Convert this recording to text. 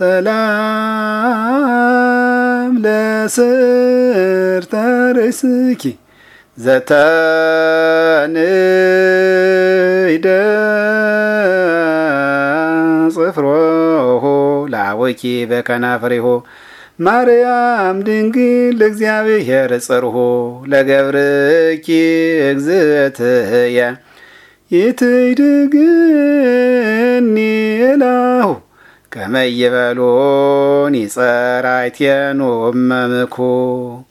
ሰላም ለስርተ ርእስኪ ዘተንይደ ጽፍሮሆ ለአወኪ በከናፍሪሆ ማርያም ድንግል ለእግዚአብሔር ጽርሁ ለገብርኪ እግዝእትየ ይትይድግኒ ላሁ ከመ ይበሉን ይጸራይቴኑ እመምኩ